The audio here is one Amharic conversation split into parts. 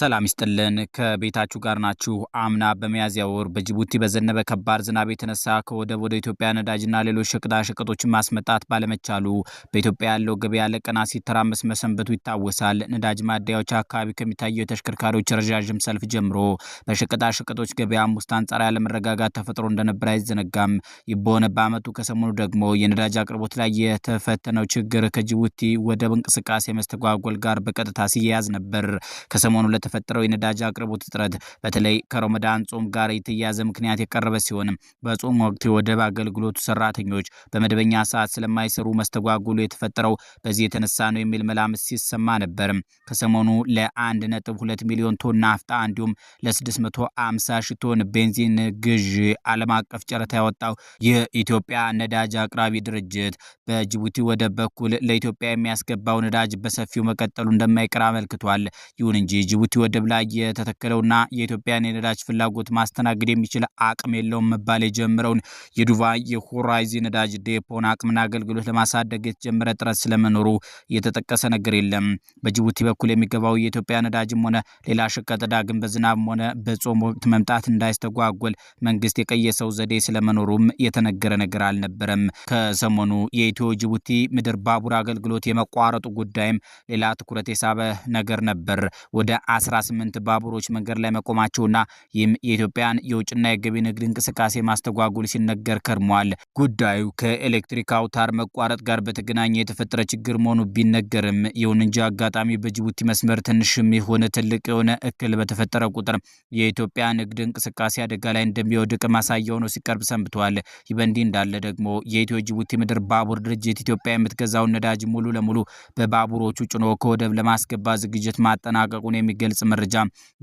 ሰላም ይስጥልን ከቤታችሁ ጋር ናችሁ። አምና በሚያዝያ ወር በጅቡቲ በዘነበ ከባድ ዝናብ የተነሳ ከወደብ ወደ ኢትዮጵያ ነዳጅና ሌሎች ሸቀጣ ሸቀጦችን ማስመጣት ባለመቻሉ በኢትዮጵያ ያለው ገበያ ለቀናት ሲተራመስ መሰንበቱ ይታወሳል። ነዳጅ ማደያዎች አካባቢ ከሚታየው የተሽከርካሪዎች ረዣዥም ሰልፍ ጀምሮ በሸቀጣ ሸቀጦች ገበያም ውስጥ አንጻር ያለመረጋጋት ተፈጥሮ እንደነበር አይዘነጋም። ይህ በሆነ ከሰሞኑ ደግሞ የነዳጅ አቅርቦት ላይ የተፈተነው ችግር ከጅቡቲ ወደብ እንቅስቃሴ መስተጓጎል ጋር በቀጥታ ሲያያዝ ነበር። ከሰሞኑ የተፈጠረው የነዳጅ አቅርቦት እጥረት በተለይ ከረመዳን ጾም ጋር የተያያዘ ምክንያት የቀረበ ሲሆን በጾም ወቅት የወደብ አገልግሎቱ ሰራተኞች በመደበኛ ሰዓት ስለማይሰሩ መስተጓጉሉ የተፈጠረው በዚህ የተነሳ ነው የሚል መላምት ሲሰማ ነበር ከሰሞኑ ለ1.2 ሚሊዮን ቶን ናፍጣ እንዲሁም ለ650 ሺህ ቶን ቤንዚን ግዥ ዓለም አቀፍ ጨረታ ያወጣው የኢትዮጵያ ነዳጅ አቅራቢ ድርጅት በጅቡቲ ወደብ በኩል ለኢትዮጵያ የሚያስገባው ነዳጅ በሰፊው መቀጠሉ እንደማይቀር አመልክቷል። ይሁን እንጂ ጅቡቲ ወደብ ላይ የተተከለውና የኢትዮጵያን የነዳጅ ፍላጎት ማስተናገድ የሚችል አቅም የለውም መባል የጀምረውን የዱባይ የሆራይዝን ነዳጅ ዴፖን አቅምና አገልግሎት ለማሳደግ የተጀመረ ጥረት ስለመኖሩ የተጠቀሰ ነገር የለም። በጅቡቲ በኩል የሚገባው የኢትዮጵያ ነዳጅም ሆነ ሌላ ሸቀጥ ዳግም በዝናብም ሆነ በጾም ወቅት መምጣት እንዳይስተጓጎል መንግስት የቀየሰው ዘዴ ስለመኖሩም የተነገረ ነገር አልነበረም። ከሰሞኑ የኢትዮ ጅቡቲ ምድር ባቡር አገልግሎት የመቋረጡ ጉዳይም ሌላ ትኩረት የሳበ ነገር ነበር። ወደ 18 ባቡሮች መንገድ ላይ መቆማቸውና ይህም የኢትዮጵያን የውጭና የገቢ ንግድ እንቅስቃሴ ማስተጓጉል ሲነገር ከርሟል። ጉዳዩ ከኤሌክትሪክ አውታር መቋረጥ ጋር በተገናኘ የተፈጠረ ችግር መሆኑ ቢነገርም ይሁን እንጂ አጋጣሚ በጅቡቲ መስመር ትንሽም የሆነ ትልቅ የሆነ እክል በተፈጠረ ቁጥር የኢትዮጵያ ንግድ እንቅስቃሴ አደጋ ላይ እንደሚወድቅ ማሳያ ሆኖ ሲቀርብ ሰንብተዋል። ይህ በእንዲህ እንዳለ ደግሞ የኢትዮ ጅቡቲ ምድር ባቡር ድርጅት ኢትዮጵያ የምትገዛውን ነዳጅ ሙሉ ለሙሉ በባቡሮቹ ጭኖ ከወደብ ለማስገባት ዝግጅት ማጠናቀቁን የሚገልጽ የሚገልጽ መረጃ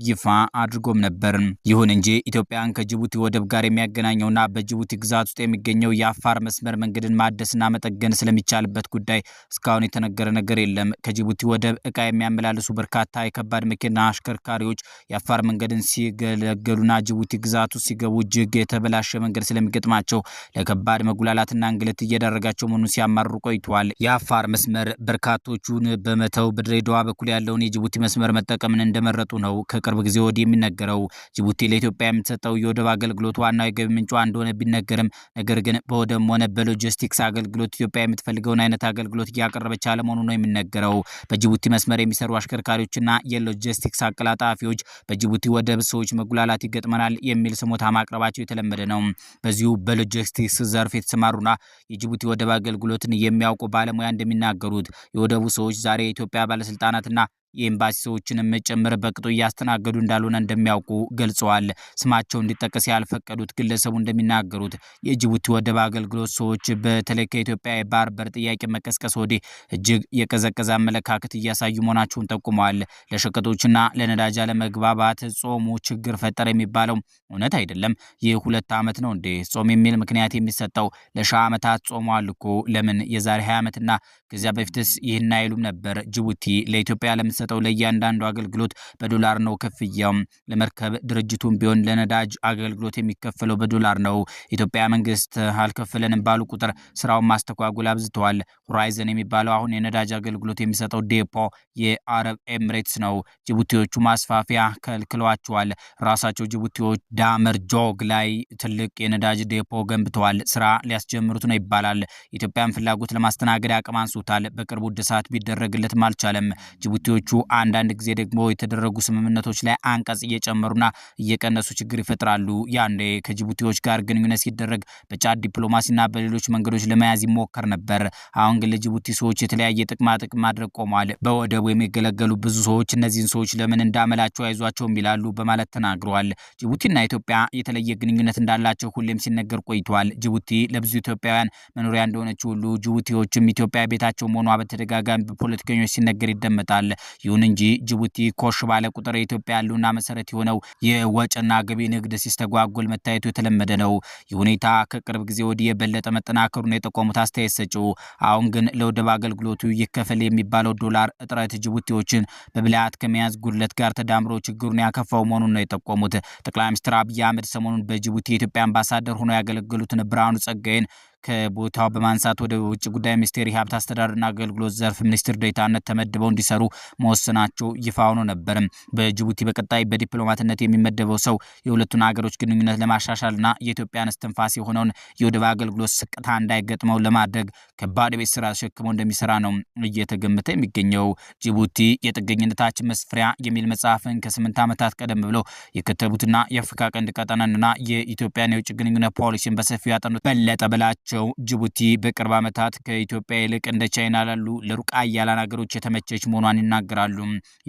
ይፋ አድርጎም ነበር። ይሁን እንጂ ኢትዮጵያን ከጅቡቲ ወደብ ጋር የሚያገናኘውና በጅቡቲ ግዛት ውስጥ የሚገኘው የአፋር መስመር መንገድን ማደስና መጠገን ስለሚቻልበት ጉዳይ እስካሁን የተነገረ ነገር የለም። ከጅቡቲ ወደብ እቃ የሚያመላልሱ በርካታ የከባድ መኪና አሽከርካሪዎች የአፋር መንገድን ሲገለገሉና ጅቡቲ ውስጥ ሲገቡ እጅግ የተበላሸ መንገድ ስለሚገጥማቸው ለከባድ መጉላላትና እንግልት እየዳረጋቸው መሆኑን ሲያማርሩ ቆይተዋል። የአፋር መስመር በርካቶቹን በመተው በድሬዳዋ በኩል ያለውን የጅቡቲ መስመር መጠቀምን እንደ እንደመረጡ ነው ከቅርብ ጊዜ ወዲህ የሚነገረው። ጅቡቲ ለኢትዮጵያ የምትሰጠው የወደብ አገልግሎት ዋናው የገቢ ምንጯ እንደሆነ ቢነገርም ነገር ግን በወደብም ሆነ በሎጂስቲክስ አገልግሎት ኢትዮጵያ የምትፈልገውን አይነት አገልግሎት እያቀረበች አለመሆኑ ነው የሚነገረው። በጅቡቲ መስመር የሚሰሩ አሽከርካሪዎችና የሎጂስቲክስ አቀላጣፊዎች በጅቡቲ ወደብ ሰዎች መጉላላት ይገጥመናል የሚል ስሞታ ማቅረባቸው የተለመደ ነው። በዚሁ በሎጂስቲክስ ዘርፍ የተሰማሩና የጅቡቲ ወደብ አገልግሎትን የሚያውቁ ባለሙያ እንደሚናገሩት የወደቡ ሰዎች ዛሬ የኢትዮጵያ ባለስልጣናትና የኤምባሲ ሰዎችንም ጭምር በቅጡ እያስተናገዱ እንዳልሆነ እንደሚያውቁ ገልጸዋል። ስማቸው እንዲጠቀስ ያልፈቀዱት ግለሰቡ እንደሚናገሩት የጅቡቲ ወደብ አገልግሎት ሰዎች በተለይ ከኢትዮጵያ የባህር በር ጥያቄ መቀስቀስ ወዲህ እጅግ የቀዘቀዘ አመለካከት እያሳዩ መሆናቸውን ጠቁመዋል። ለሸቀጦችና ለነዳጅ አለመግባባት ጾሙ ችግር ፈጠረ የሚባለው እውነት አይደለም። ይህ ሁለት ዓመት ነው እንዴ ጾም የሚል ምክንያት የሚሰጠው? ለሺህ ዓመታት ጾመዋል እኮ ለምን የዛሬ 20 ዓመትና ከዚያ በፊትስ ይህን አይሉም ነበር? ጅቡቲ ለኢትዮጵያ ለምሰ የሚሰጠው ለእያንዳንዱ አገልግሎት በዶላር ነው ክፍያው። ለመርከብ ድርጅቱም ቢሆን ለነዳጅ አገልግሎት የሚከፈለው በዶላር ነው። ኢትዮጵያ መንግስት አልከፈለንም ባሉ ቁጥር ስራውን ማስተጓጉል አብዝተዋል። ሆራይዘን የሚባለው አሁን የነዳጅ አገልግሎት የሚሰጠው ዴፖ የአረብ ኤምሬትስ ነው። ጅቡቲዎቹ ማስፋፊያ ከልክሏቸዋል። ራሳቸው ጅቡቲዎች ዳመር ጆግ ላይ ትልቅ የነዳጅ ዴፖ ገንብተዋል። ስራ ሊያስጀምሩት ነው ይባላል። ኢትዮጵያን ፍላጎት ለማስተናገድ አቅም አንሶታል። በቅርቡ እድሳት ቢደረግለትም አልቻለም። ጅቡቲዎቹ አንዳንድ ጊዜ ደግሞ የተደረጉ ስምምነቶች ላይ አንቀጽ እየጨመሩና እየቀነሱ ችግር ይፈጥራሉ። ያኔ ከጅቡቲዎች ጋር ግንኙነት ሲደረግ በጫድ ዲፕሎማሲና በሌሎች መንገዶች ለመያዝ ይሞከር ነበር። አሁን ግን ለጅቡቲ ሰዎች የተለያየ ጥቅማ ጥቅም ማድረግ ቆሟል። በወደቡ የሚገለገሉ ብዙ ሰዎች እነዚህን ሰዎች ለምን እንዳመላቸው አይዟቸውም ይላሉ በማለት ተናግረዋል። ጅቡቲና ኢትዮጵያ የተለየ ግንኙነት እንዳላቸው ሁሌም ሲነገር ቆይቷል። ጅቡቲ ለብዙ ኢትዮጵያውያን መኖሪያ እንደሆነች ሁሉ ጅቡቲዎችም ኢትዮጵያ ቤታቸው መሆኗ በተደጋጋሚ በፖለቲከኞች ሲነገር ይደመጣል። ይሁን እንጂ ጅቡቲ ኮሽ ባለ ቁጥር የኢትዮጵያ ያሉና መሰረት የሆነው የወጭና ገቢ ንግድ ሲስተጓጎል መታየቱ የተለመደ ነው። ይህ ሁኔታ ከቅርብ ጊዜ ወዲህ የበለጠ መጠናከሩን የጠቆሙት አስተያየት ሰጪው አሁን ግን ለወደብ አገልግሎቱ ይከፈል የሚባለው ዶላር እጥረት ጅቡቲዎችን በብልሃት ከመያዝ ጉድለት ጋር ተዳምሮ ችግሩን ያከፋው መሆኑን ነው የጠቆሙት። ጠቅላይ ሚኒስትር አብይ አህመድ ሰሞኑን በጅቡቲ የኢትዮጵያ አምባሳደር ሆኖ ያገለገሉትን ብርሃኑ ጸጋዬን ከቦታው በማንሳት ወደ ውጭ ጉዳይ ሚኒስቴር የሀብት አስተዳደርና አገልግሎት ዘርፍ ሚኒስትር ዴኤታነት ተመድበው እንዲሰሩ መወሰናቸው ይፋ ሆኖ ነበር። በጅቡቲ በቀጣይ በዲፕሎማትነት የሚመደበው ሰው የሁለቱን ሀገሮች ግንኙነት ለማሻሻልና የኢትዮጵያን እስትንፋስ የሆነውን የወደብ አገልግሎት ስቅታ እንዳይገጥመው ለማድረግ ከባድ ቤት ስራ ተሸክመው እንደሚሰራ ነው እየተገመተ የሚገኘው። ጅቡቲ የጥገኝነታችን መስፍሪያ የሚል መጽሐፍን ከስምንት ዓመታት ቀደም ብሎ የከተቡትና የአፍሪካ ቀንድ ቀጠናንና የኢትዮጵያን የውጭ ግንኙነት ፖሊሲን በሰፊው ያጠኑት በለጠ በላቸው ናቸው። ጅቡቲ በቅርብ ዓመታት ከኢትዮጵያ ይልቅ እንደ ቻይና ላሉ ለሩቅ አያላን አገሮች የተመቸች መሆኗን ይናገራሉ።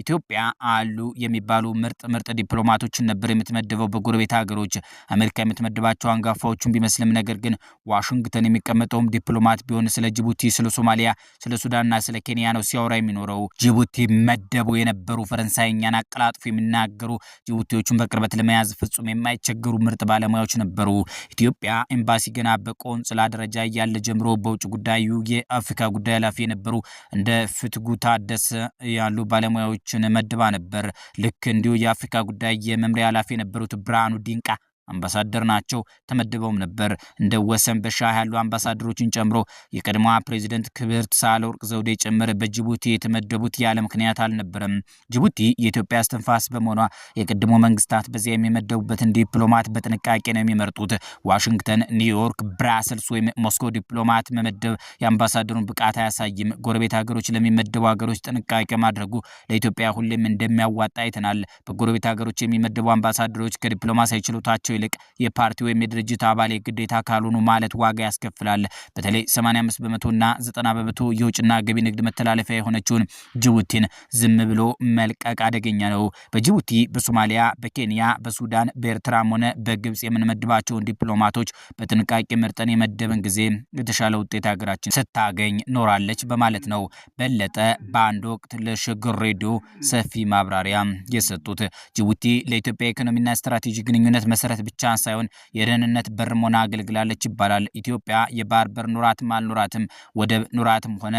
ኢትዮጵያ አሉ የሚባሉ ምርጥ ምርጥ ዲፕሎማቶችን ነበር የምትመድበው በጎረቤት ሀገሮች። አሜሪካ የምትመድባቸው አንጋፋዎቹን ቢመስልም ነገር ግን ዋሽንግተን የሚቀመጠውም ዲፕሎማት ቢሆን ስለ ጅቡቲ፣ ስለ ሶማሊያ፣ ስለ ሱዳንና ስለ ኬንያ ነው ሲያወራ የሚኖረው። ጅቡቲ መደቡ የነበሩ ፈረንሳይኛን አቀላጥፎ የሚናገሩ ጅቡቲዎቹን በቅርበት ለመያዝ ፍጹም የማይቸገሩ ምርጥ ባለሙያዎች ነበሩ። ኢትዮጵያ ኤምባሲ ገና በቆንጽላ ደረጃ እያለ ጀምሮ በውጭ ጉዳዩ የአፍሪካ ጉዳይ ኃላፊ የነበሩ እንደ ፍትጉ ታደሰ ያሉ ባለሙያዎችን መድባ ነበር። ልክ እንዲሁ የአፍሪካ ጉዳይ የመምሪያ ኃላፊ የነበሩት ብርሃኑ ዲንቃ አምባሳደር ናቸው ተመድበውም ነበር። እንደ ወሰን በሻህ ያሉ አምባሳደሮችን ጨምሮ የቀድሞዋ ፕሬዚደንት ክብርት ሳህለወርቅ ዘውዴ ጭምር በጅቡቲ የተመደቡት ያለ ምክንያት አልነበረም። ጅቡቲ የኢትዮጵያ እስትንፋስ በመሆኗ የቀድሞ መንግስታት በዚያ የሚመደቡበትን ዲፕሎማት በጥንቃቄ ነው የሚመርጡት። ዋሽንግተን፣ ኒውዮርክ፣ ብራስልስ ወይም ሞስኮ ዲፕሎማት መመደብ የአምባሳደሩን ብቃት አያሳይም። ጎረቤት ሀገሮች ለሚመደቡ ሀገሮች ጥንቃቄ ማድረጉ ለኢትዮጵያ ሁሌም እንደሚያዋጣ አይተናል። በጎረቤት ሀገሮች የሚመደቡ አምባሳደሮች ከዲፕሎማሲያዊ ችሎታቸው ይልቅ የፓርቲ ወይም የድርጅት አባል የግዴታ ካልሆኑ ማለት ዋጋ ያስከፍላል። በተለይ 85 በመቶና 90 በመቶ የውጭና ገቢ ንግድ መተላለፊያ የሆነችውን ጅቡቲን ዝም ብሎ መልቀቅ አደገኛ ነው። በጅቡቲ፣ በሶማሊያ፣ በኬንያ፣ በሱዳን፣ በኤርትራም ሆነ በግብፅ የምንመድባቸውን ዲፕሎማቶች በጥንቃቄ መርጠን የመደበን ጊዜ የተሻለ ውጤት ሀገራችን ስታገኝ ኖራለች በማለት ነው በለጠ በአንድ ወቅት ለሽግር ሬዲዮ ሰፊ ማብራሪያ የሰጡት። ጅቡቲ ለኢትዮጵያ ኢኮኖሚና ስትራቴጂ ግንኙነት መሰረት ብቻ ሳይሆን የደህንነት በር መሆና አገልግላለች ይባላል። ኢትዮጵያ የባህር በር ኑራትም አልኑራትም ወደብ ኑራትም ሆነ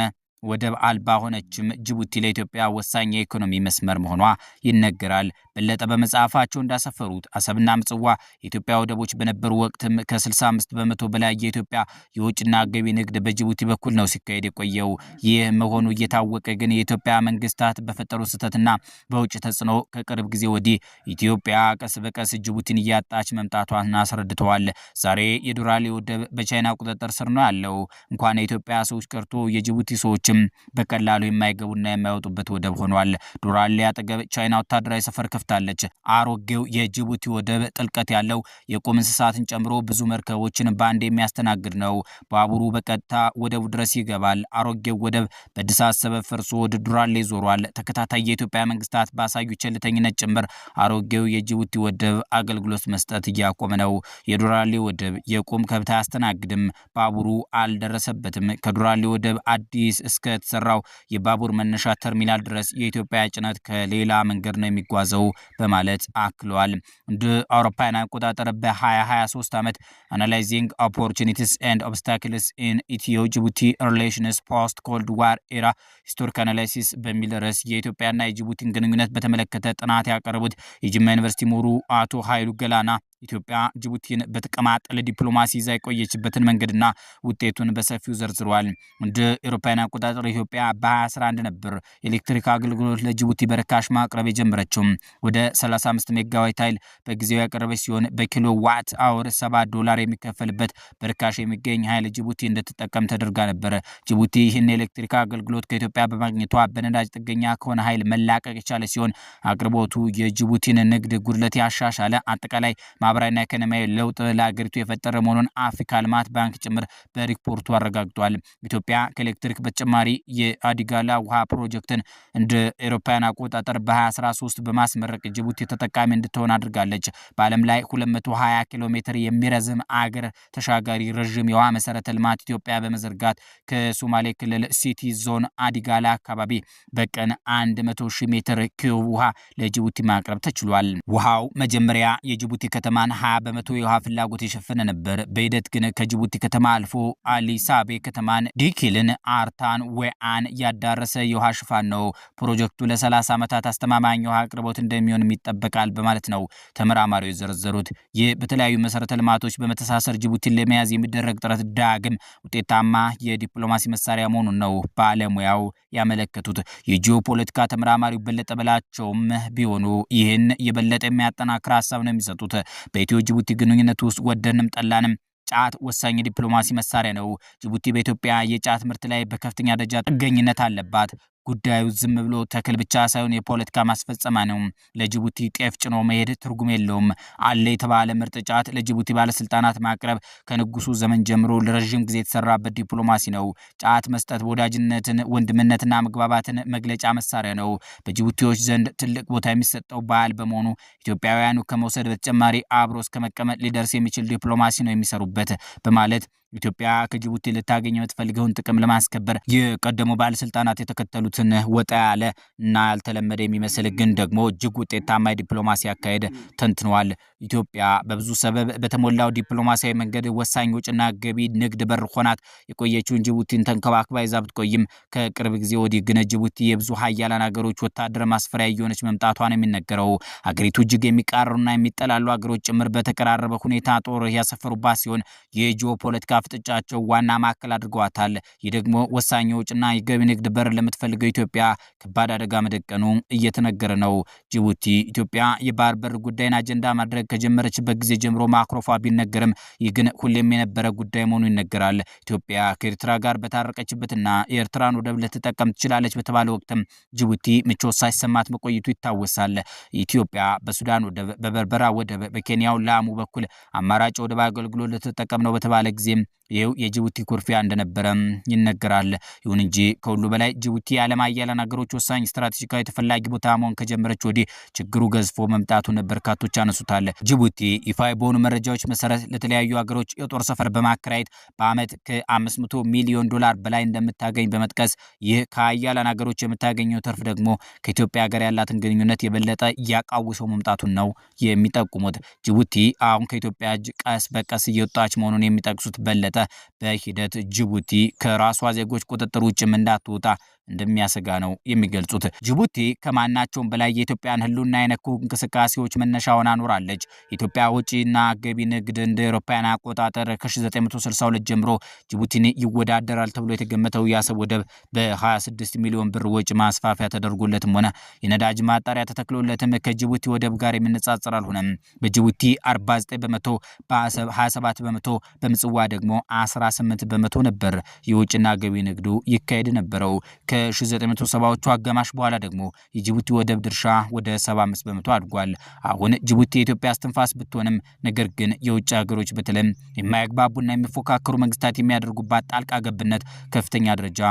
ወደብ አልባ ሆነችም ጅቡቲ ለኢትዮጵያ ወሳኝ የኢኮኖሚ መስመር መሆኗ ይነገራል። በለጠ በመጽሐፋቸው እንዳሰፈሩት አሰብና ምጽዋ የኢትዮጵያ ወደቦች በነበሩ ወቅትም ከ65 በመቶ በላይ የኢትዮጵያ የውጭና ገቢ ንግድ በጅቡቲ በኩል ነው ሲካሄድ የቆየው። ይህ መሆኑ እየታወቀ ግን የኢትዮጵያ መንግስታት በፈጠሩ ስህተትና በውጭ ተጽዕኖ ከቅርብ ጊዜ ወዲህ ኢትዮጵያ ቀስ በቀስ ጅቡቲን እያጣች መምጣቷን አስረድተዋል። ዛሬ የዱራሌ ወደብ በቻይና ቁጥጥር ስር ነው ያለው። እንኳን የኢትዮጵያ ሰዎች ቀርቶ የጅቡቲ ሰዎችም በቀላሉ የማይገቡና የማይወጡበት ወደብ ሆኗል። ዱራሌ አጠገብ ቻይና ወታደራዊ ሰፈር ከፍ አስከፍታለች። አሮጌው የጅቡቲ ወደብ ጥልቀት ያለው የቁም እንስሳትን ጨምሮ ብዙ መርከቦችን በአንድ የሚያስተናግድ ነው። ባቡሩ በቀጥታ ወደቡ ድረስ ይገባል። አሮጌው ወደብ በድሳት ሰበብ ፈርሶ ወደ ዱራሌ ዞሯል። ተከታታይ የኢትዮጵያ መንግስታት ባሳዩ ቸልተኝነት ጭምር አሮጌው የጅቡቲ ወደብ አገልግሎት መስጠት እያቆመ ነው። የዱራሌ ወደብ የቁም ከብት አያስተናግድም። ባቡሩ አልደረሰበትም። ከዱራሌ ወደብ አዲስ እስከተሰራው የባቡር መነሻ ተርሚናል ድረስ የኢትዮጵያ ጭነት ከሌላ መንገድ ነው የሚጓዘው። በማለት አክሏል። እንደ አውሮፓውያን አቆጣጠር በ2023 ዓመት አናላይዚንግ ኦፖርቹኒቲስ ኤንድ ኦብስታክልስ ኢን ኢትዮ ጅቡቲ ሪሌሽንስ ፖስት ኮልድ ዋር ኤራ ሂስቶሪክ አናላይሲስ በሚል ርዕስ የኢትዮጵያና የጅቡቲን ግንኙነት በተመለከተ ጥናት ያቀረቡት የጅማ ዩኒቨርሲቲ ምሁሩ አቶ ኃይሉ ገላና ኢትዮጵያ ጅቡቲን በተቀማጠለ ዲፕሎማሲ ይዛ የቆየችበትን መንገድና ውጤቱን በሰፊው ዘርዝሯል። እንደ ኤሮፓውያን አቆጣጠር ኢትዮጵያ በ2011 ነበር የኤሌክትሪክ አገልግሎት ለጅቡቲ በርካሽ ማቅረብ የጀመረችው። ወደ 35 ሜጋዋት ኃይል በጊዜው ያቀረበች ሲሆን በኪሎ ዋት አወር 7 ዶላር የሚከፈልበት በርካሽ የሚገኝ ኃይል ጅቡቲ እንድትጠቀም ተደርጋ ነበር። ጅቡቲ ይህን የኤሌክትሪክ አገልግሎት ከኢትዮጵያ በማግኘቷ በነዳጅ ጥገኛ ከሆነ ኃይል መላቀቅ የቻለ ሲሆን አቅርቦቱ የጅቡቲን ንግድ ጉድለት ያሻሻለ አጠቃላይ ማህበራዊና ኢኮኖሚያዊ ለውጥ ለሀገሪቱ የፈጠረ መሆኑን አፍሪካ ልማት ባንክ ጭምር በሪፖርቱ አረጋግጧል። ኢትዮጵያ ከኤሌክትሪክ በተጨማሪ የአዲጋላ ውሃ ፕሮጀክትን እንደ ኤሮፓያን አቆጣጠር በ2013 በማስመረቅ ጅቡቲ ተጠቃሚ እንድትሆን አድርጋለች። በዓለም ላይ 220 ኪሎ ሜትር የሚረዝም አገር ተሻጋሪ ረዥም የውሃ መሰረተ ልማት ኢትዮጵያ በመዘርጋት ከሶማሌ ክልል ሲቲ ዞን አዲጋላ አካባቢ በቀን 100 ሺህ ሜትር ኪዩብ ውሃ ለጅቡቲ ማቅረብ ተችሏል። ውሃው መጀመሪያ የጅቡቲ ከተማ ከተማን 20 በመቶ የውሃ ፍላጎት የሸፈነ ነበር። በሂደት ግን ከጅቡቲ ከተማ አልፎ አሊሳቤ ከተማን፣ ዲኪልን፣ አርታን፣ ወአን ያዳረሰ የውሃ ሽፋን ነው። ፕሮጀክቱ ለ30 ዓመታት አስተማማኝ የውሃ አቅርቦት እንደሚሆንም ይጠበቃል በማለት ነው ተመራማሪው የዘረዘሩት። ይህ በተለያዩ መሰረተ ልማቶች በመተሳሰር ጅቡቲን ለመያዝ የሚደረግ ጥረት ዳግም ውጤታማ የዲፕሎማሲ መሳሪያ መሆኑን ነው ባለሙያው ያመለከቱት። የጂኦፖለቲካ ተመራማሪው በለጠ በላቸውም ቢሆኑ ይህን የበለጠ የሚያጠናክር ሀሳብ ነው የሚሰጡት። በኢትዮ ጅቡቲ ግንኙነት ውስጥ ወደንም ጠላንም ጫት ወሳኝ የዲፕሎማሲ መሳሪያ ነው። ጅቡቲ በኢትዮጵያ የጫት ምርት ላይ በከፍተኛ ደረጃ ጥገኝነት አለባት። ጉዳዩ ዝም ብሎ ተክል ብቻ ሳይሆን የፖለቲካ ማስፈጸማ ነው። ለጅቡቲ ጤፍ ጭኖ መሄድ ትርጉም የለውም። አለ የተባለ ምርጥ ጫት ለጅቡቲ ባለስልጣናት ማቅረብ ከንጉሱ ዘመን ጀምሮ ለረዥም ጊዜ የተሰራበት ዲፕሎማሲ ነው። ጫት መስጠት ወዳጅነትን፣ ወንድምነትና መግባባትን መግለጫ መሳሪያ ነው። በጅቡቲዎች ዘንድ ትልቅ ቦታ የሚሰጠው ባህል በመሆኑ ኢትዮጵያውያኑ ከመውሰድ በተጨማሪ አብሮ እስከመቀመጥ ሊደርስ የሚችል ዲፕሎማሲ ነው የሚሰሩበት በማለት ኢትዮጵያ ከጅቡቲ ልታገኝ የምትፈልገውን ጥቅም ለማስከበር የቀደሙ ባለስልጣናት የተከተሉትን ወጣ ያለ እና ያልተለመደ የሚመስል ግን ደግሞ እጅግ ውጤታማ የዲፕሎማሲ አካሄድ ተንትነዋል። ኢትዮጵያ በብዙ ሰበብ በተሞላው ዲፕሎማሲያዊ መንገድ ወሳኝ ውጭና ገቢ ንግድ በር ሆናት የቆየችውን ጅቡቲን ተንከባክባ ይዛ ብትቆይም ከቅርብ ጊዜ ወዲህ ግን ጅቡቲ የብዙ ሀያላን ሀገሮች ወታደር ማስፈሪያ እየሆነች መምጣቷ ነው የሚነገረው። ሀገሪቱ እጅግ የሚቃረሩና የሚጠላሉ ሀገሮች ጭምር በተቀራረበ ሁኔታ ጦር ያሰፈሩባት ሲሆን የጂኦ ፖለቲካ ፍጥጫቸው ዋና ማዕከል አድርገዋታል። ይህ ደግሞ ወሳኝ የወጪና የገቢ ንግድ በር ለምትፈልገው ኢትዮጵያ ከባድ አደጋ መደቀኑ እየተነገረ ነው። ጅቡቲ ኢትዮጵያ የባህር በር ጉዳይን አጀንዳ ማድረግ ከጀመረችበት ጊዜ ጀምሮ ማክሮፏ ቢነገርም ይህ ግን ሁሌም የነበረ ጉዳይ መሆኑ ይነገራል። ኢትዮጵያ ከኤርትራ ጋር በታረቀችበትና የኤርትራን ወደብ ልትጠቀም ትችላለች በተባለ ወቅትም ጅቡቲ ምቾት ሳይሰማት መቆየቱ ይታወሳል። ኢትዮጵያ በሱዳን ወደብ፣ በበርበራ ወደብ፣ በኬንያው ላሙ በኩል አማራጭ ወደብ አገልግሎት ልትጠቀም ነው በተባለ ጊዜም ይኸው የጅቡቲ ኩርፊያ እንደነበረም ይነገራል። ይሁን እንጂ ከሁሉ በላይ ጅቡቲ የዓለም አያለን ሀገሮች ወሳኝ ስትራቴጂካዊ ተፈላጊ ቦታ መሆን ከጀመረች ወዲህ ችግሩ ገዝፎ መምጣቱን በርካቶች አነሱታል። ጅቡቲ ይፋ በሆኑ መረጃዎች መሰረት ለተለያዩ ሀገሮች የጦር ሰፈር በማከራየት በአመት ከ500 ሚሊዮን ዶላር በላይ እንደምታገኝ በመጥቀስ ይህ ከአያለን ሀገሮች የምታገኘው ተርፍ ደግሞ ከኢትዮጵያ ጋር ያላትን ግንኙነት የበለጠ እያቃውሰው መምጣቱን ነው የሚጠቁሙት። ጅቡቲ አሁን ከኢትዮጵያ እጅ ቀስ በቀስ እየወጣች መሆኑን የሚጠቅሱት በለጠ በሂደት ጅቡቲ ከራሷ ዜጎች ቁጥጥር ውጭም እንዳትወጣ እንደሚያሰጋ ነው የሚገልጹት። ጅቡቲ ከማናቸውም በላይ የኢትዮጵያን ህልውና የነኩ እንቅስቃሴዎች መነሻውን አኖራለች። ኢትዮጵያ ውጪና ገቢ ንግድ እንደ አውሮፓውያን አቆጣጠር ከ1962 ጀምሮ ጅቡቲን ይወዳደራል ተብሎ የተገመተው የአሰብ ወደብ በ26 ሚሊዮን ብር ወጪ ማስፋፊያ ተደርጎለትም ሆነ የነዳጅ ማጣሪያ ተተክሎለትም ከጅቡቲ ወደብ ጋር የሚነጻጸር አልሆነም። በጅቡቲ 49 በመቶ፣ በአሰብ 27 በመቶ፣ በምጽዋ ደግሞ 18 በመቶ ነበር የውጭና ገቢ ንግዱ ይካሄድ ነበረው። ከ1970ዎቹ አጋማሽ በኋላ ደግሞ የጅቡቲ ወደብ ድርሻ ወደ 75 በመቶ አድጓል። አሁን ጅቡቲ የኢትዮጵያ እስትንፋስ ብትሆንም ነገር ግን የውጭ ሀገሮች በተለይም የማያግባቡና የሚፎካከሩ መንግስታት የሚያደርጉባት ጣልቃ ገብነት ከፍተኛ ደረጃ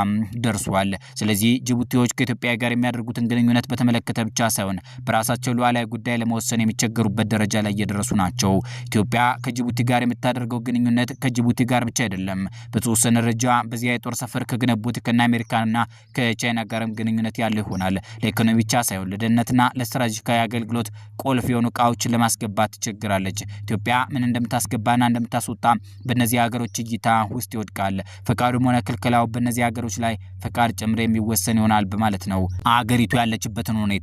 ደርሷል። ስለዚህ ጅቡቲዎች ከኢትዮጵያ ጋር የሚያደርጉትን ግንኙነት በተመለከተ ብቻ ሳይሆን በራሳቸው ሉዓላዊ ጉዳይ ለመወሰን የሚቸገሩበት ደረጃ ላይ እየደረሱ ናቸው። ኢትዮጵያ ከጅቡቲ ጋር የምታደርገው ግንኙነት ከጅቡቲ ጋር ብቻ አይደለም። በተወሰነ ደረጃ በዚያ የጦር ሰፈር ከገነቡት ከነ አሜሪካና ከቻይና ጋርም ግንኙነት ያለው ይሆናል። ለኢኮኖሚ ብቻ ሳይሆን ለደህንነትና ለስትራቴጂካዊ አገልግሎት ቁልፍ የሆኑ እቃዎችን ለማስገባት ትቸግራለች። ኢትዮጵያ ምን እንደምታስገባና እንደምታስወጣ በእነዚህ ሀገሮች እይታ ውስጥ ይወድቃል። ፈቃዱም ሆነ ክልክላው በእነዚህ ሀገሮች ላይ ፈቃድ ጭምር የሚወሰን ይሆናል በማለት ነው አገሪቱ ያለችበትን ሁኔታ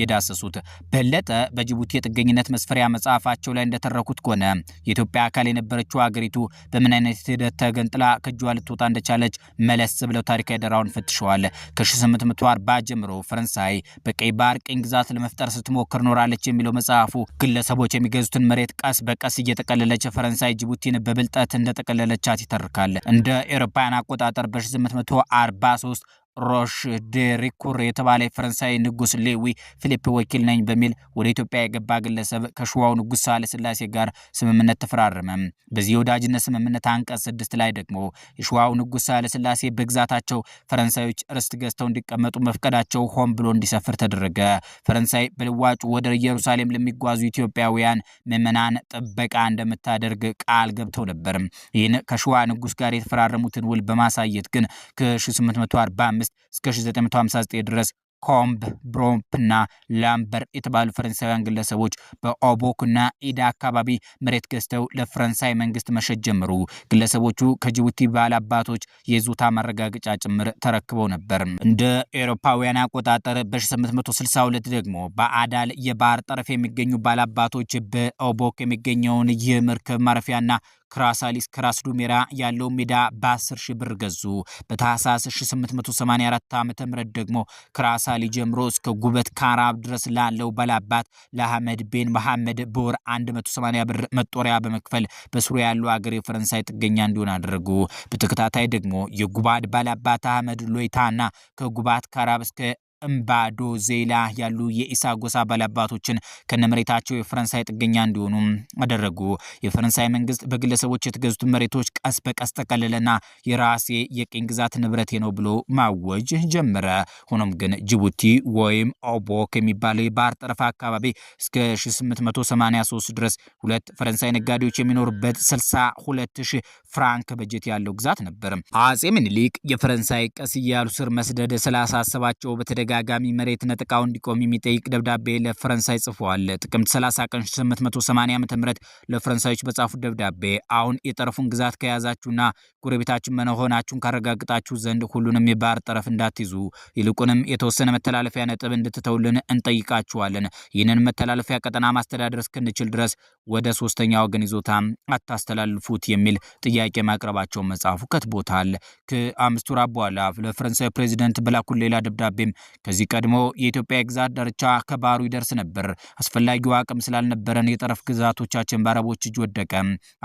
የዳሰሱት። በለጠ በጅቡቲ የጥገኝነት መስፈሪያ መጽሐፋቸው ላይ እንደተረኩት ከሆነ የኢትዮጵያ አካል የነበረችው አገሪቱ በምን አይነት ሂደት ተገንጥላ ከእጇ ልትወጣ እንደቻለች መለስ ብለው ታሪካዊ ዳራውን ፈትሸዋል። ከ1840 ጀምሮ ፈረንሳይ በቀይ ባህር ቅኝ ግዛት ለመፍጠር ስትሞክር ኖራለች የሚለው መጽሐፉ ግለሰቦች የሚገዙትን መሬት ቀስ በቀስ እየጠቀለለች ፈረንሳይ ጅቡቲን በብልጠት እንደጠቀለለቻት ይተርካል። እንደ ኤሮፓያን አቆጣጠር በ1843 ሮሽ ዴሪኩር የተባለ ፈረንሳይ ንጉስ ሌዊ ፊሊፕ ወኪል ነኝ በሚል ወደ ኢትዮጵያ የገባ ግለሰብ ከሸዋው ንጉስ ሳህለ ስላሴ ጋር ስምምነት ተፈራረመ። በዚህ የወዳጅነት ስምምነት አንቀጽ ስድስት ላይ ደግሞ የሸዋው ንጉስ ሳህለ ስላሴ በግዛታቸው ፈረንሳዮች ርስት ገዝተው እንዲቀመጡ መፍቀዳቸው ሆን ብሎ እንዲሰፍር ተደረገ። ፈረንሳይ በልዋጩ ወደ ኢየሩሳሌም ለሚጓዙ ኢትዮጵያውያን ምዕመናን ጥበቃ እንደምታደርግ ቃል ገብተው ነበር። ይህን ከሸዋ ንጉስ ጋር የተፈራረሙትን ውል በማሳየት ግን ከ1845 ከ1955 እስከ 1959 ድረስ ኮምብ ብሮምፕና ላምበር የተባሉ ፈረንሳውያን ግለሰቦች በኦቦክና ኢዳ አካባቢ መሬት ገዝተው ለፈረንሳይ መንግስት መሸጥ ጀመሩ። ግለሰቦቹ ከጅቡቲ ባላባቶች የይዞታ ማረጋገጫ ጭምር ተረክበው ነበር። እንደ ኤሮፓውያን አቆጣጠር በ1862 ደግሞ በአዳል የባህር ጠረፍ የሚገኙ ባላባቶች በኦቦክ የሚገኘውን ይህ መርከብ ማረፊያና ክራሳሊስ ክራስ ዱሜራ ያለው ሜዳ በ10 ሺህ ብር ገዙ። በታህሳስ 1884 ዓ ም ደግሞ ክራሳሊ ጀምሮ እስከ ጉበት ካራብ ድረስ ላለው ባላባት ለአህመድ ቤን መሐመድ በወር 180 ብር መጦሪያ በመክፈል በስሩ ያሉ አገር የፈረንሳይ ጥገኛ እንዲሆን አደረጉ። በተከታታይ ደግሞ የጉባድ ባላባት አህመድ ሎይታ ሎይታና ከጉባት ካራብ እስከ እምባዶ ዜላ ያሉ የኢሳ ጎሳ ባለአባቶችን ከነመሬታቸው የፈረንሳይ ጥገኛ እንዲሆኑ አደረጉ። የፈረንሳይ መንግስት በግለሰቦች የተገዙት መሬቶች ቀስ በቀስ ተቀለለና የራሴ የቅኝ ግዛት ንብረቴ ነው ብሎ ማወጅ ጀመረ። ሆኖም ግን ጅቡቲ ወይም ኦቦክ የሚባለው የባህር ጠረፍ አካባቢ እስከ 1883 ድረስ ሁለት ፈረንሳይ ነጋዴዎች የሚኖሩበት 62 ፍራንክ በጀት ያለው ግዛት ነበር። አጼ ምኒልክ የፈረንሳይ ቀስ እያሉ ስር መስደድ ስላሳሰባቸው በተደጋጋሚ መሬት ነጥቃው እንዲቆም የሚጠይቅ ደብዳቤ ለፈረንሳይ ጽፏል ጥቅምት 30 ቀን 880 ዓ ም ለፈረንሳዮች በጻፉት ደብዳቤ አሁን የጠረፉን ግዛት ከያዛችሁና ጎረቤታችን መሆናችሁን ካረጋግጣችሁ ዘንድ ሁሉንም የባህር ጠረፍ እንዳትይዙ ይልቁንም የተወሰነ መተላለፊያ ነጥብ እንድትተውልን እንጠይቃችኋለን። ይህንን መተላለፊያ ቀጠና ማስተዳደር እስክንችል ድረስ ወደ ሶስተኛ ወገን ይዞታም አታስተላልፉት የሚል ጥያቄ ጥያቄ ማቅረባቸውን መጽሐፉ ከትቦታል። ከአምስት ወራት በኋላ ለፈረንሳይ ፕሬዚደንት በላኩት ሌላ ደብዳቤም ከዚህ ቀድሞ የኢትዮጵያ የግዛት ዳርቻ ከባህሩ ይደርስ ነበር፣ አስፈላጊው አቅም ስላልነበረን የጠረፍ ግዛቶቻችን በአረቦች እጅ ወደቀ።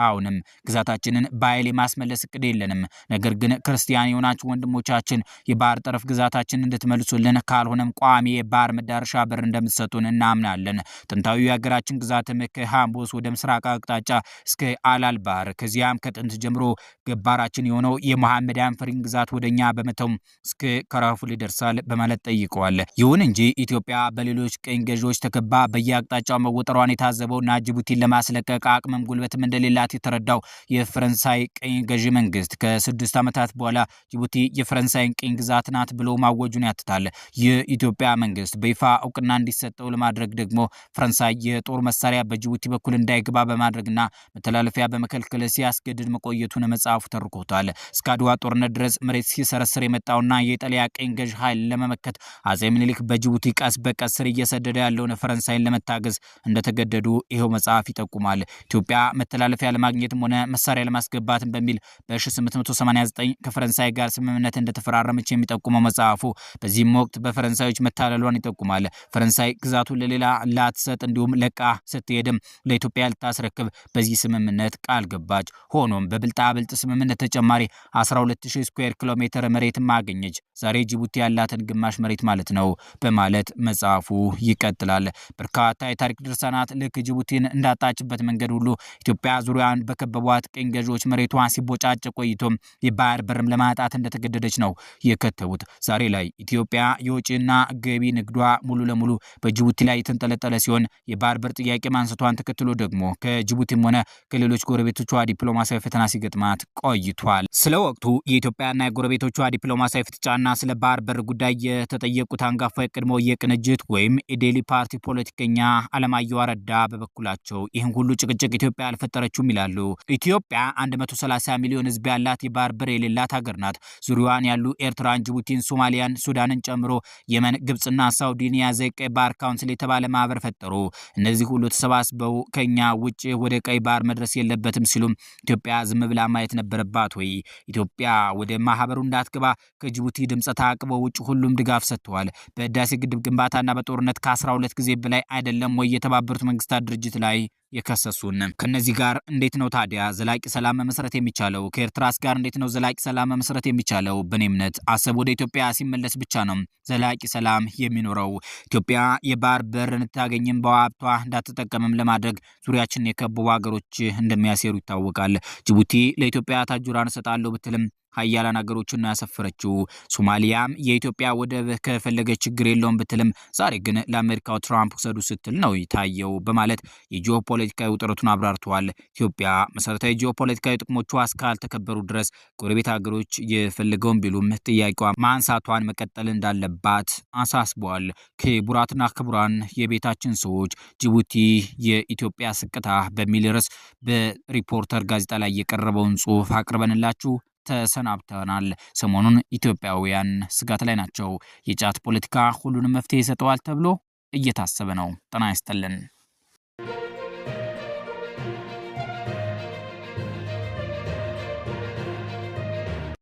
አሁንም ግዛታችንን በኃይል የማስመለስ እቅድ የለንም። ነገር ግን ክርስቲያን የሆናችሁ ወንድሞቻችን የባህር ጠረፍ ግዛታችን እንድትመልሱልን፣ ካልሆነም ቋሚ የባህር መዳረሻ በር እንደምትሰጡን እናምናለን። ጥንታዊ የሀገራችን ግዛትም ከሃምቦስ ወደ ምስራቅ አቅጣጫ እስከ አላል ባህር ከዚያም ከጥንት ጀምሮ ገባራችን የሆነው የመሐመድ አንፈሪን ግዛት ወደኛ በመተው እስከ ከራፉል ይደርሳል በማለት ጠይቀዋል። ይሁን እንጂ ኢትዮጵያ በሌሎች ቀኝ ገዢዎች ተከባ በየአቅጣጫው መወጠሯን የታዘበውና ጅቡቲን ለማስለቀቅ አቅምም ጉልበትም እንደሌላት የተረዳው የፈረንሳይ ቀኝ ገዢ መንግስት ከስድስት ዓመታት በኋላ ጅቡቲ የፈረንሳይን ቀኝ ግዛት ናት ብሎ ማወጁን ያትታል። የኢትዮጵያ መንግስት በይፋ እውቅና እንዲሰጠው ለማድረግ ደግሞ ፈረንሳይ የጦር መሳሪያ በጅቡቲ በኩል እንዳይገባ በማድረግና መተላለፊያ በመከልከል ሲያስገድድ መቆየ መቆየቱን መጽሐፉ ተርኮታል። እስከ አድዋ ጦርነት ድረስ መሬት ሲሰረስር የመጣውና የኢጣሊያ ቀኝ ገዥ ኃይል ለመመከት አጼ ምኒልክ በጅቡቲ ቀስ በቀስ ስር እየሰደደ ያለውን ፈረንሳይን ለመታገዝ እንደተገደዱ ይኸው መጽሐፍ ይጠቁማል። ኢትዮጵያ መተላለፊያ ለማግኘትም ሆነ መሳሪያ ለማስገባትም በሚል በ1889 ከፈረንሳይ ጋር ስምምነት እንደተፈራረመች የሚጠቁመው መጽሐፉ በዚህም ወቅት በፈረንሳዮች መታለሏን ይጠቁማል። ፈረንሳይ ግዛቱን ለሌላ ላትሰጥ እንዲሁም ለቃ ስትሄድም ለኢትዮጵያ ልታስረክብ በዚህ ስምምነት ቃል ገባች። ሆኖም ከብልጣብልጥ ስምምነት ተጨማሪ 120 ስኩዌር ኪሎ ሜትር መሬት ማገኘች ዛሬ ጅቡቲ ያላትን ግማሽ መሬት ማለት ነው በማለት መጽሐፉ ይቀጥላል። በርካታ የታሪክ ድርሳናት ልክ ጅቡቲን እንዳጣችበት መንገድ ሁሉ ኢትዮጵያ ዙሪያን በከበቧት ቅኝ ገዢዎች መሬቷ ሲቦጫጭ ቆይቶም የባህር በርም ለማጣት እንደተገደደች ነው የከተቡት። ዛሬ ላይ ኢትዮጵያ የውጭና ገቢ ንግዷ ሙሉ ለሙሉ በጅቡቲ ላይ የተንጠለጠለ ሲሆን የባህር በር ጥያቄ ማንስቷን ተከትሎ ደግሞ ከጅቡቲም ሆነ ከሌሎች ጎረቤቶቿ ዲፕሎማሲያዊ ፈተና ሲገጥማት ቆይቷል። ስለ ወቅቱ የኢትዮጵያና የጎረቤቶቿ ዲፕሎማሲያዊ ፍጥጫና ስለ ባህር በር ጉዳይ የተጠየቁት አንጋፋ የቀድሞ የቅንጅት ወይም የዴሊ ፓርቲ ፖለቲከኛ አለማየሁ አረዳ በበኩላቸው ይህን ሁሉ ጭቅጭቅ ኢትዮጵያ አልፈጠረችውም ይላሉ። ኢትዮጵያ 130 ሚሊዮን ህዝብ ያላት የባህር በር የሌላት ሀገር ናት። ዙሪያዋን ያሉ ኤርትራን፣ ጅቡቲን፣ ሶማሊያን፣ ሱዳንን ጨምሮ የመን፣ ግብፅና ሳውዲን የያዘ ቀይ ባህር ካውንስል የተባለ ማህበር ፈጠሩ። እነዚህ ሁሉ ተሰባስበው ከኛ ውጭ ወደ ቀይ ባህር መድረስ የለበትም ሲሉም ኢትዮጵያ ዝም ብላ ማየት ነበረባት ወይ? ኢትዮጵያ ወደ ማህበሩ እንዳትገባ ከጅቡቲ ድምፀ ተአቅቦ ውጭ ሁሉም ድጋፍ ሰጥተዋል። በህዳሴ ግድብ ግንባታና በጦርነት ከ12 ጊዜ በላይ አይደለም ወይ የተባበሩት መንግስታት ድርጅት ላይ የከሰሱን። ከነዚህ ጋር እንዴት ነው ታዲያ ዘላቂ ሰላም መመስረት የሚቻለው? ከኤርትራስ ጋር እንዴት ነው ዘላቂ ሰላም መመስረት የሚቻለው? በኔ እምነት አሰብ ወደ ኢትዮጵያ ሲመለስ ብቻ ነው ዘላቂ ሰላም የሚኖረው። ኢትዮጵያ የባህር በር እንድታገኝም በሀብቷ እንዳትጠቀምም ለማድረግ ዙሪያችን የከበቡ ሀገሮች እንደሚያሴሩ ይታወቃል። ጅቡቲ ለኢትዮጵያ ታጁራን እሰጣለሁ ብትልም ሀያላን ሀገሮችን ያሰፈረችው። ሶማሊያም የኢትዮጵያ ወደብ ከፈለገ ችግር የለውም ብትልም ዛሬ ግን ለአሜሪካው ትራምፕ ውሰዱ ስትል ነው ይታየው በማለት የጂኦፖለቲካዊ ውጥረቱን አብራርተዋል። ኢትዮጵያ መሰረታዊ ጂኦፖለቲካዊ ጥቅሞቿ እስካልተከበሩ ድረስ ጎረቤት ሀገሮች የፈልገውን ቢሉም ጥያቄዋ ማንሳቷን መቀጠል እንዳለባት አሳስቧል። ክቡራትና ክቡራን የቤታችን ሰዎች ጅቡቲ የኢትዮጵያ ስቅታ በሚል ርዕስ በሪፖርተር ጋዜጣ ላይ የቀረበውን ጽሁፍ አቅርበንላችሁ ተሰናብተናል። ሰሞኑን ኢትዮጵያውያን ስጋት ላይ ናቸው። የጫት ፖለቲካ ሁሉንም መፍትሄ ይሰጠዋል ተብሎ እየታሰበ ነው። ጤና ይስጥልን።